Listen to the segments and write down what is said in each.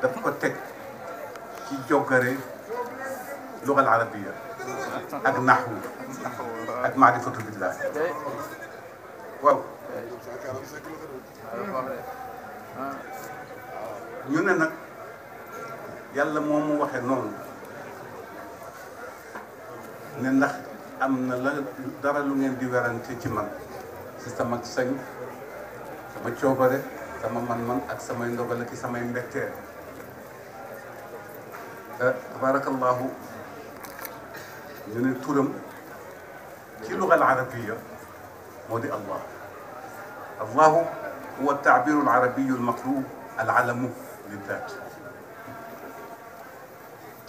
daf ko teg ci joggare lugal arabiya ak naxwu ak maarifatu billah waaw ñu ne nag yàlla moo mu waxee noonu ne ndax am na la dara lu ngeen di werante ci man si sama sañ sama coobare sama man-man ak samay ndogal ak samay mbetteel تبارك الله يعني تورم كل اللغه العربيه مودي الله الله هو التعبير العربي المطلوب العلم للذات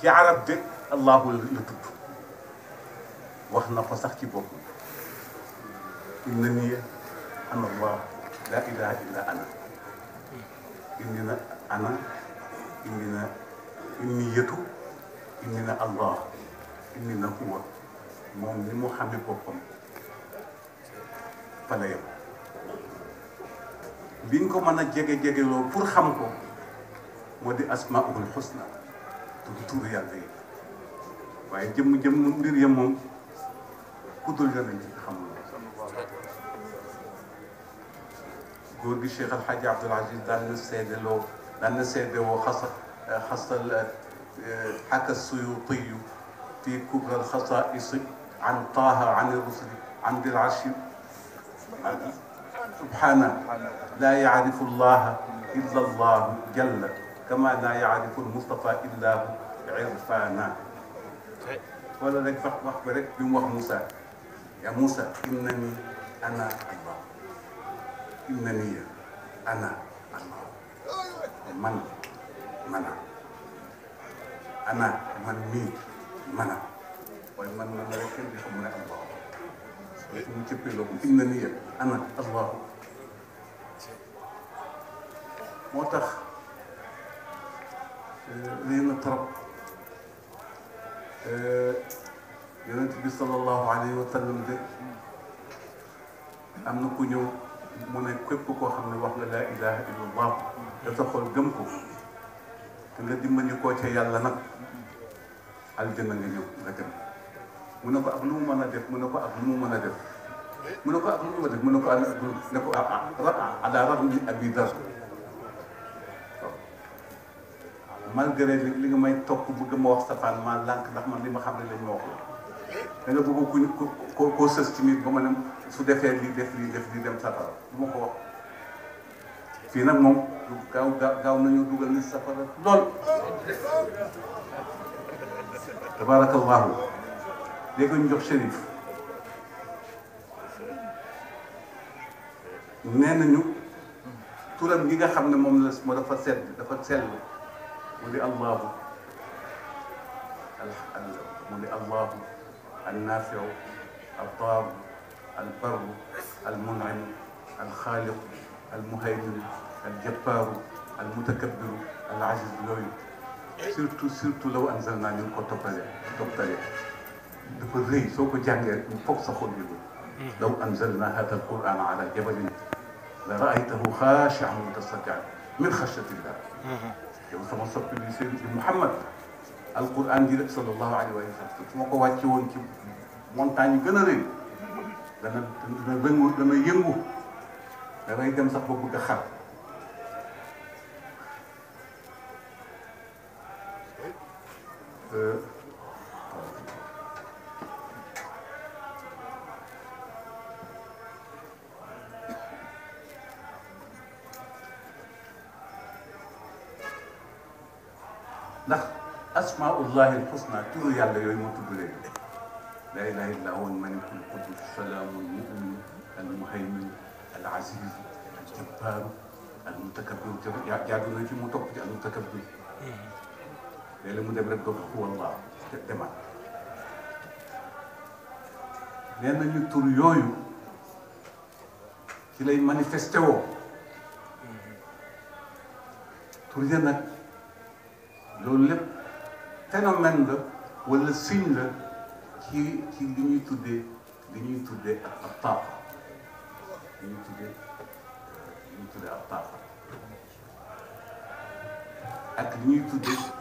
كي عرب دي الله لطب واخنا فسخ كي بوكو انني انا الله لا اله الا انا اننا انا اننا inniyatu indi na allah indi na huwa moom ni mu xame boppam fa la yem liñ ko mën a jege-jegeloo pour xam ko moo di asmaul xusna tudd tuur yàlla yi waaye jëmm-jëmm mbir ya moom ku dul yonent bi xamul góor gi Cheikh Alhaji Abdoul Aziz daan na seede loo daan na seede woo xasa خاصة حكى السيوطي في كبرى الخصائص عن طه عن الرسل عن ذي العرش سبحانه لا يعرف الله إلا الله جل كما لا يعرف المصطفى إلا عرفانا ولا لك فقط بموح موسى يا موسى إنني أنا الله إنني أنا الله من man a ana man mii man a waaye man man la kenn di xam mu ne allahu waaye mu cëppee loolu inna niya ana allahu moo tax lii na trop yonent bi sallallahu alayhi wa sallam de am na ku ñëw mu ne képp koo xam ne wax nga laa ilaha illallah da sa xol gëm ko nga dimbali koo ca yàlla nag aljana nga ñëw nga dem mu ne ko ak lu mu mën a def mu ne ko ak lu mu mën a def mu ne ko ak lu mu mën def ko ak ne ko ah ah, ah daa li nga may topp bëgg ma wax safaan lànk ndax man li ma xam ne lañ ma wax da nga bëgg kuñ ko koo ba ma ne su defee lii def lii def lii dem safara du ma ko wax fii nag moom. du gaaw gaaw nañu dugal ni safara lool tabarakallahu léegi ñu jox shérif nee nañu turam gi nga xam ne moom la moo dafa sedd dafa sell mu di allahu al mu di allahu annafiu altaabu albarru almun'im alxaaliqu almuhaymin الجبار المتكبر العزيز لوي سيرتو سيرتو لو انزلنا من كوتوبالي توبالي دوكو ري سوكو جانغي فوق سخول لو انزلنا هذا القران على جبل لرايته خاشعا متصدعا من خشيه الله يوم سما سبب محمد القران دي صلى الله عليه وسلم مكو واتي وون كي مونتاني غنا ري دا نا بنغو دا نا ييمبو دا ناي دم سخ بوغ خا ndax asmaullahi alxusna turu yàlla yooyu moo tudd léegi la ilaha illa huwa almaliku alqudus salaamu almumin almuhaymin alaziz aljabbaar almutakabbir jaadu na ci mu topp ci almutakabbir léeg-léeg mu dem rek dootu ko woon waaw te demaat tur yooyu ci lay manifesté woo tur ya nag loolu lépp phénomène la wala signe la ci ci li ñuy tuddee li ñuy tuddee ak taab li ñuy tuddee li ñuy tuddee ak taab ak li ñuy tuddee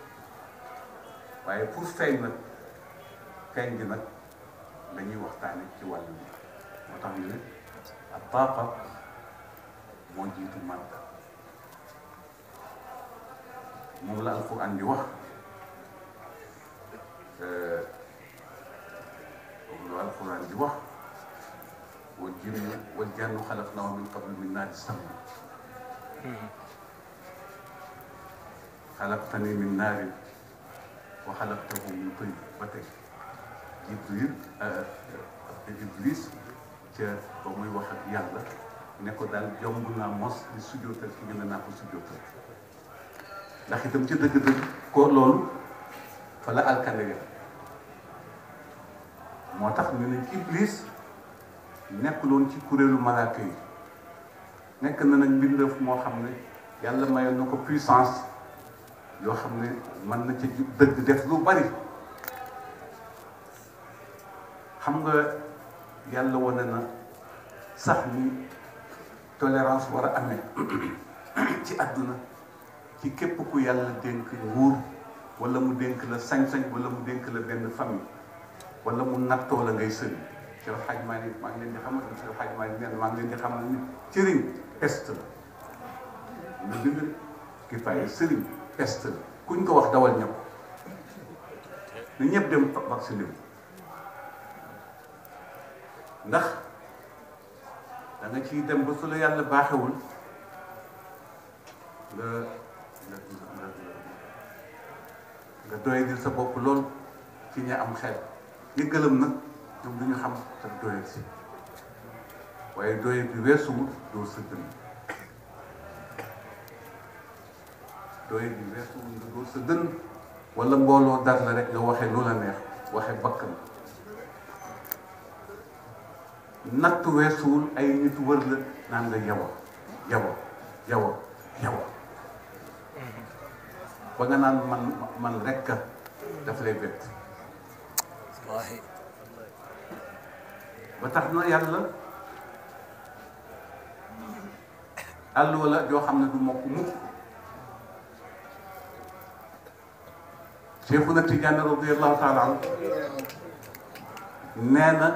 waaye pour fay nag feeñ bi nag dañuy ñuy waxtaane ci wàll bi moo tax ñu ne ak taaqa moo jiitu màdd moom la alquran andi wax moom la alquran andi wax wal jinna wal janna xalaqnaahu min qablu min naari samum xalaqtani min naarin وخلقته من طين وتاج جبريل آه، آه، ابليس تا بامي واحد يلا نكو دال جومنا موس دي سوجو تال كي نانا كو سوجو تال دا خيتم تي دك دك كو لول فلا الكاريا موتاخ ني ني ابليس نيكولون سي كوريلو ملائكه نيك نانا بيندف مو خامني يالا مايل نكو بويسانس yoo xam ne man na ci dëgg def lu bari xam nga yàlla wane na sax ni tolérance war a amee ci àdduna ci képp ku yàlla dénk nguur wala mu dénk la sañ-sañ wala mu dénk la benn famille wala mu nattoo la ngay sëñ Cheikh El Hadj maa ngi leen di xamal Cheikh maa ngi leen di xamal ni sëriñ test la lu dëgg kifaaya sëriñ test la kuñ ko wax dawal ñëpp ñu ñëpp dem ndax da ciy dem ba su la yàlla baaxewul nga nga doy sa bopp lool ci ña am xel ñi gëlëm nag ñoom du ñu xam te doyal si waaye doyal bi doo sëgg na dooy bi weesu nga dóor sa dënn wala mbooloo dar la rek nga waxe lu la neex waxe bakkan natt weesuwul ay nit wër la naan la yawa yawa yawa yawa ba nga naan man man rekk daf lay bett ba tax na yàlla àll wala joo xam ne du mokk mukk Cheikhuna Tidiane radiyallahu taala anhu nee na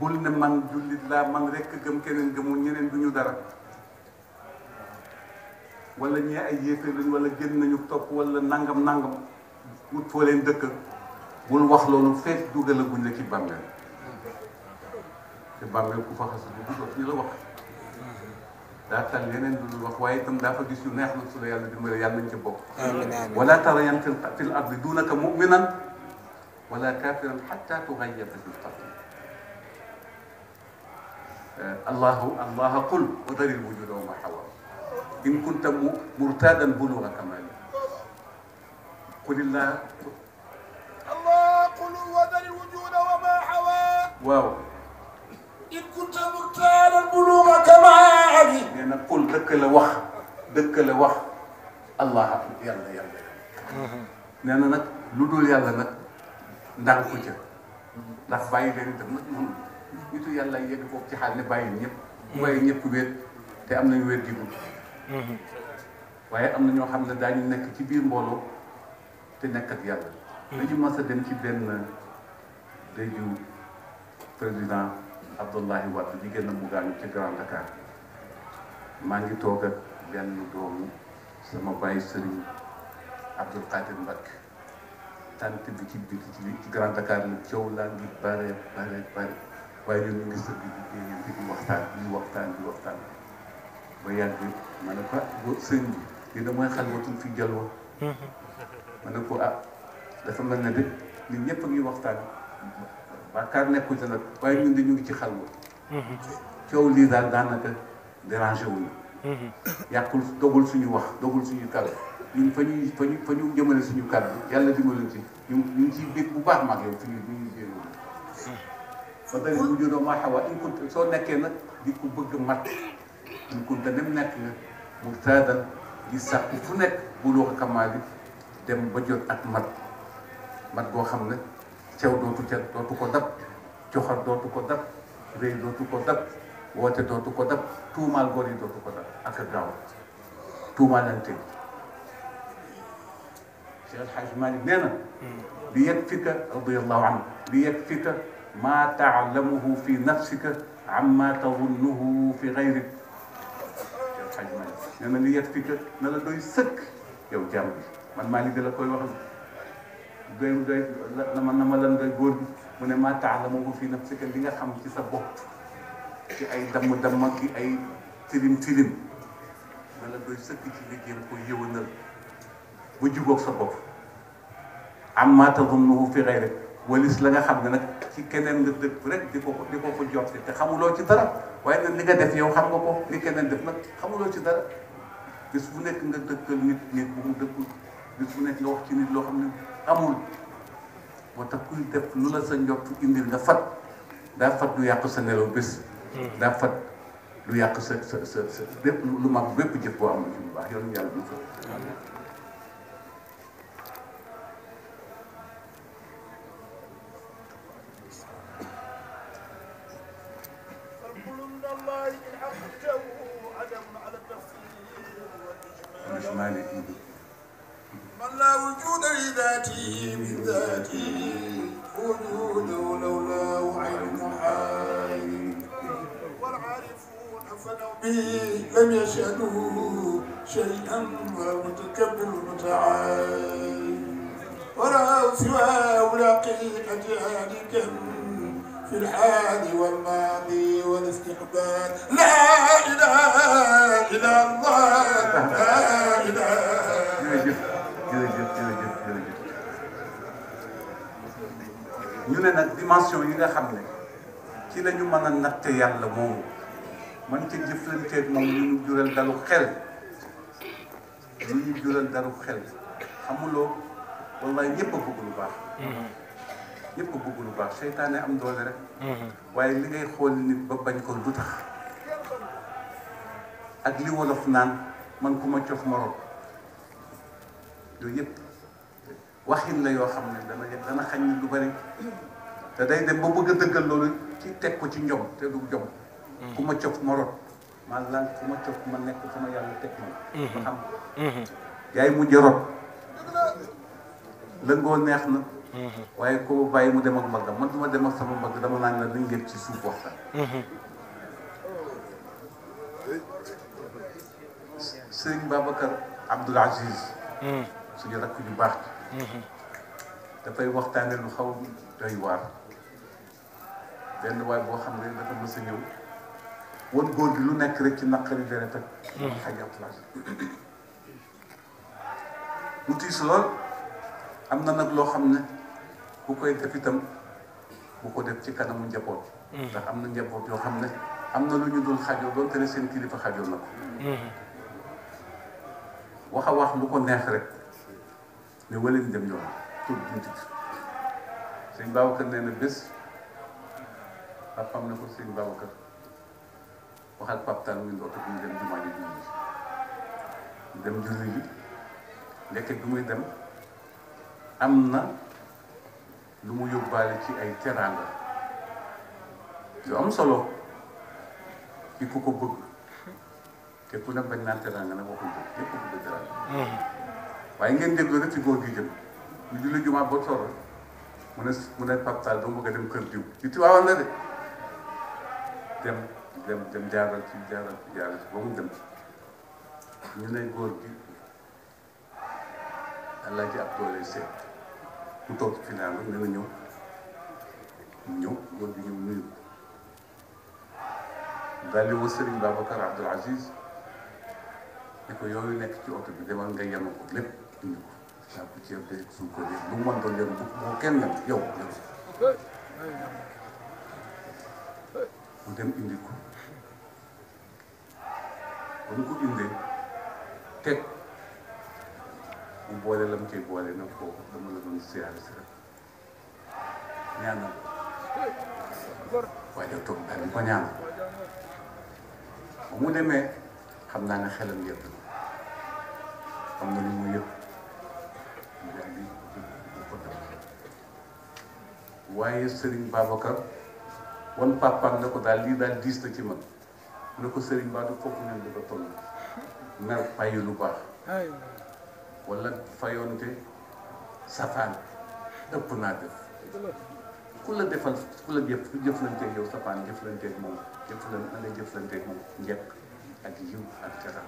bul ne man jullit laa man rekk gëm keneen gëmul ñeneen du ñu dara walla ñee ay yéefar lañ wala nañu topp wala nangam nangam wut foo leen dëkk bul wax loolu fekk dugalaguñ la ci bàmmeel te bàmmeel ku fa xas dugg dootuñu la wax داخل لينين ولا ترى في الأرض دونك مؤمنا ولا كافرا حتى تغير في الأرض آه، الله الله قل وذر الوجود وما حوى إن كنت مرتادا بلغ كمال قل الله الله قل وذر الوجود وما حوى واو نقول دك لا وخ دك لا وخ الله يلا يلا نانا نك لودول يلا نك ندار كو تي دا باي لين تم نيتو يلا يد بوك تي حال ني باي نيب موي نيب كوبيت تي امنا ني وير ديبو waye amna ño xamne dañu nek ci biir mbolo te nek ak yalla dañu ma sa dem ci ben dayu président abdullahi wat di genn mu gañu ci grand dakar maa ngi toog ak benn doomu sama bàyyi sëriñ Abdul Qadir Mbacké tant bi ci biir ci Grand Dakar la coow laa ngi bare bare bare waaye ñun ñu ngi sëgg di ba yàgg ma ne ko ah bi lii damay xalwatul fi jalwa ma ne ko ah dafa mel ne de nit ñëpp a ngi waxtaan baakaar nekkul te waaye ñun de ngi ci xalwa mhm. coow lii daal daanaka dérangé wuñu mhm. yàqul dogul suñu wax dogul suñu kàddu ñun fa ñuy fa ñu fa ñu jëmale suñu kàddu yàlla dimbaluñ ci ñu ñu ngi ciy bu baax mag yow fi ñu ñu jéem ba bu ñu doon maa xaw soo nekkee nag di bëgg mat nekk nga mu taadal nekk bu loo xamaa dem ba jot ak mat mat goo xam ne cew dootu ca dootu ko dab coxar dootu ko dab réy dootu ko dab wote dootu ko dab tuumaal góor yi dootu ko dab ak gaaw tuumaalante bi Cheikh El Hadj Malik nee na li yakfika radiyallahu anhu li yakfika ma taalamuhu fi nafsika amma tadunnuhu fi gayrik Cheikh El Hadj Malik nee na li yakfika na la doy sëkk yow jàmm bi man Malik da la koy wax doy doy la ma na ma lan doy góor bi mu ne maa taalamuhu fi nafsika li nga xam ci sa bopp ci ay damm damm ak ay tilim tilim wala doy sëkk ci liggéeyam ko yëwanal bu jugoog sa bopp am maa tazunnuhu fi xayri walis la nga xam ne nag ci keneen nga dëkk rek di ko di ko ko jot te xamuloo ci dara waaye nag li nga def yow xam nga ko li keneen def nag xamuloo ci dara bis bu nekk nga dëkkal nit nit bu mu dëkkul bis bu nekk nga wax ci nit loo xam ne amul moo tax kuy def lu la sa njort indil nga fat daa fat du yàq sa nelaw bés daa fat lu yàq sa sa sa sa lu mag bépp jëf boo am ci bu baax yoonu yàlla bu fa من لا وجود لذاته بذاته لم يشهده شيئا ولا متكبر متعال ولا سوى ملاقية جهادك في الحال والماضي والاستقبال لا إله إلا الله لا إله ñu ne nag dimension yi nga xam ne ci la ñu mën a natte yàlla moomu man ca jëflanteeg moom lu ñu jural dalu xel lu ñu jural dalu xel xamuloo wallaay ñëpp a bëgg lu baax. Mm-hmm. ñëpp a bëgg lu baax seytaane am doole rek. Mm-hmm. waaye li ngay xool nit ba bañ ko bu tax ak li wolof naan man ku ma cof morom yooyu yëpp waxin la yoo xam ne dana dana xañ lu bari te day dem ba bëgg a dëggal loolu ci teg ko ci njom te du njom. ku ma cof ma rot maa lan ku ma cof ma nekk sama yàlla teg ma ma mhm. xam mhm. yaay mujj a rot lëngoo neex na mhm. waaye koo bàyyi mu dem ak mbaggam man duma dem ak sama mbagg dama naan la dañ ngeen ci suuf waxtaan sëriñ Babacar Abdoul Aziz suñu rakk ju baax ci dafay waxtaane lu xaw doy waar benn waay boo xam ne dafa mës a ونقول له نكري كنا قريب على تك حاجة طلعت وتيصل أمنا نقول خمنا هو كي تفتم هو كده بتيك أنا من جبوب ده أمنا جبوب يوم خمنا أمنا لو نقول حاجة دون تنسين كذي فحاجة لنا واخا واخ لوكو نيه رك ني ولين ديم يوم تود بنتي سين باوكر نينا بس افهم نكو سين باوكر waxal Pape Tall muy oto bi mu dem jumaa ji julli dem julli ji ndekk bi muy dem am lu mu yóbbaale ci ay teraanga yu am solo ci ku ko bëgg te ku ne bañ naan teraanga nag waxul bëgg ñëpp ko bëgg teraanga waaye ngeen déglu rek ci góor gi jëm ñu julli jumaa ba toor mu ne mu ne Pape Tall dama bëgg dem kër diw ci Tiwaawan la de dem dem dem jaaral ci jaaral ci jaaral ci ba dem ñu ne góor gi allah ji ab doole seet mu toog final bi dana ñëw ñëw góor gi ñëw nuyu ko daal di woo Serigne Babacar Abdoul Aziz ni ko yooyu nekk ci oto bi demal nga yenu ko lépp indi ko saa ko ceeb de suñ ko dee bu mu mën doon yenu bu mu kenn yow yow mu dem indi ko ba mu ko bindee teg mu boole la mu cay boole nag foofu dama la doon siyaare si rek ñaanal waaye da toog daal ko ñaanal ba mu demee xam naa ne xelam yëpp xam nga ni mu yëpp ko waaye Serigne Babacar wan papaam ne ko daal lii daal diis na ci man lu ko sëriñ Ba du foofu ne di ko toll mer payu lu baax wala fayonte safaan ëpp naa def ku la defal ku la jëf jëflanteeg yow safaan jëflanteeg moom jëflan na nga jëflanteeg moom njëkk ak yiw ak caram